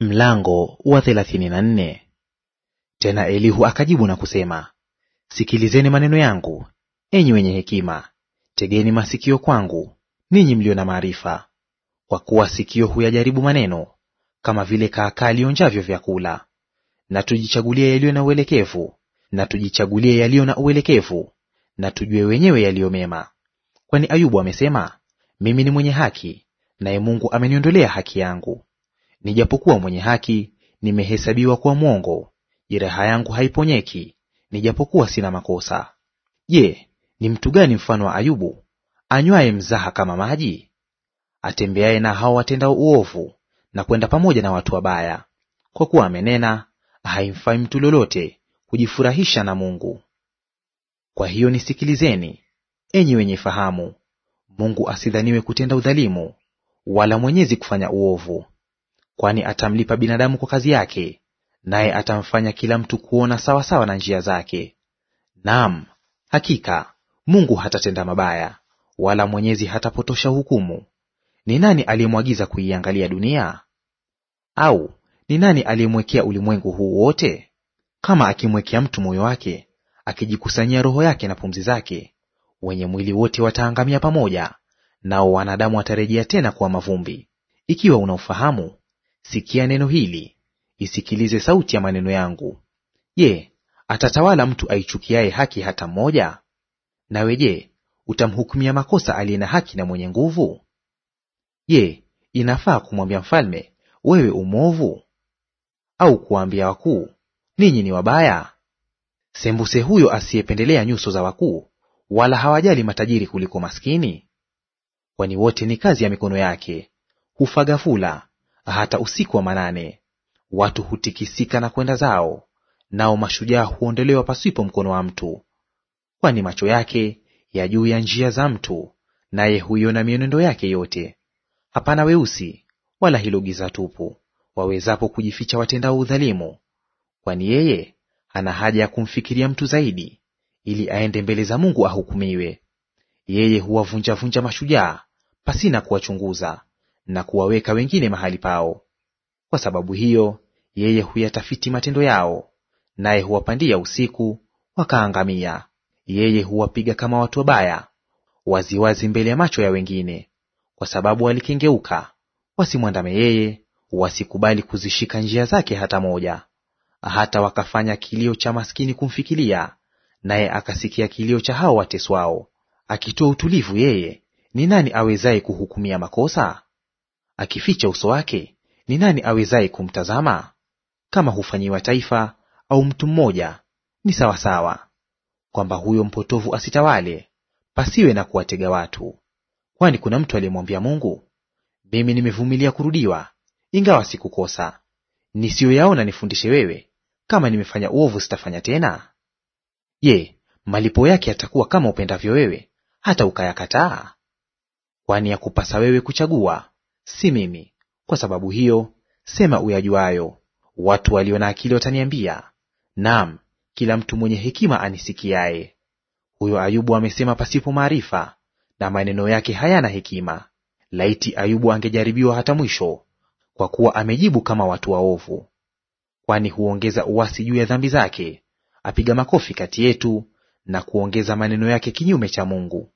Mlango wa 34. Tena Elihu akajibu na kusema, sikilizeni maneno yangu, enyi wenye hekima, tegeni masikio kwangu, ninyi mlio na maarifa. Kwa kuwa sikio huyajaribu maneno, kama vile kaakaa lionjavyo vyakula. Na tujichagulie yaliyo na uelekevu, na tujichagulie yaliyo na uelekevu, na tujue wenyewe yaliyo mema. Kwani Ayubu amesema, mimi ni mwenye haki, naye Mungu ameniondolea haki yangu. Nijapokuwa mwenye haki, nimehesabiwa kuwa mwongo; jeraha yangu haiponyeki, nijapokuwa sina makosa. Je, ni mtu gani mfano wa Ayubu, anywaye mzaha kama maji, atembeaye na hao watendao uovu, na kwenda pamoja na watu wabaya? Kwa kuwa amenena, haimfai mtu lolote kujifurahisha na Mungu. Kwa hiyo nisikilizeni, enyi wenye fahamu; Mungu asidhaniwe kutenda udhalimu, wala Mwenyezi kufanya uovu kwani atamlipa binadamu kwa kazi yake, naye atamfanya kila mtu kuona sawasawa na njia zake. Naam, hakika Mungu hatatenda mabaya, wala Mwenyezi hatapotosha hukumu. Ni nani aliyemwagiza kuiangalia dunia? Au ni nani aliyemwekea ulimwengu huu wote? Kama akimwekea mtu moyo wake, akijikusanyia roho yake na pumzi zake, wenye mwili wote wataangamia pamoja, nao wanadamu watarejea tena kuwa mavumbi. Ikiwa unaufahamu sikia neno hili, isikilize sauti ya maneno yangu. Je, atatawala mtu aichukiaye haki hata mmoja? Nawe je, utamhukumia makosa aliye na haki na mwenye nguvu? Je, inafaa kumwambia mfalme, wewe umwovu, au kuwaambia wakuu, ninyi ni wabaya? Sembuse huyo asiyependelea nyuso za wakuu, wala hawajali matajiri kuliko maskini. Kwani wote ni kazi ya mikono yake; hufagafula fula hata usiku wa manane. Watu hutikisika na kwenda zao, nao mashujaa huondolewa pasipo mkono wa mtu. Kwani macho yake ya juu ya njia za mtu, naye huiona mienendo yake yote. Hapana weusi wala hilo giza tupu wawezapo kujificha watendao udhalimu, kwani yeye ana haja ya kumfikiria mtu zaidi, ili aende mbele za Mungu ahukumiwe. Yeye huwavunjavunja mashujaa pasina kuwachunguza, na kuwaweka wengine mahali pao. Kwa sababu hiyo yeye huyatafiti matendo yao, naye huwapandia usiku wakaangamia. Yeye huwapiga kama watu wabaya waziwazi mbele ya macho ya wengine, kwa sababu walikengeuka, wasimwandame yeye, wasikubali kuzishika njia zake hata moja. Hata wakafanya kilio cha maskini kumfikilia, naye akasikia kilio cha hao wateswao. Akitoa utulivu yeye, ni nani awezaye kuhukumia makosa? akificha uso wake, ni nani awezaye kumtazama? Kama hufanyiwa taifa au mtu mmoja, ni sawasawa; kwamba huyo mpotovu asitawale, pasiwe na kuwatega watu. Kwani kuna mtu aliyemwambia Mungu, mimi nimevumilia kurudiwa, ingawa sikukosa; nisiyoyaona nifundishe wewe, kama nimefanya uovu sitafanya tena? Je, malipo yake yatakuwa kama upendavyo wewe, hata ukayakataa? Kwani yakupasa wewe kuchagua si mimi. Kwa sababu hiyo sema uyajuayo. Watu walio na akili wataniambia, naam, kila mtu mwenye hekima anisikiaye. Huyo Ayubu amesema pasipo maarifa, na maneno yake hayana hekima. Laiti Ayubu angejaribiwa hata mwisho, kwa kuwa amejibu kama watu waovu. Kwani huongeza uasi juu ya dhambi zake, apiga makofi kati yetu na kuongeza maneno yake kinyume cha Mungu.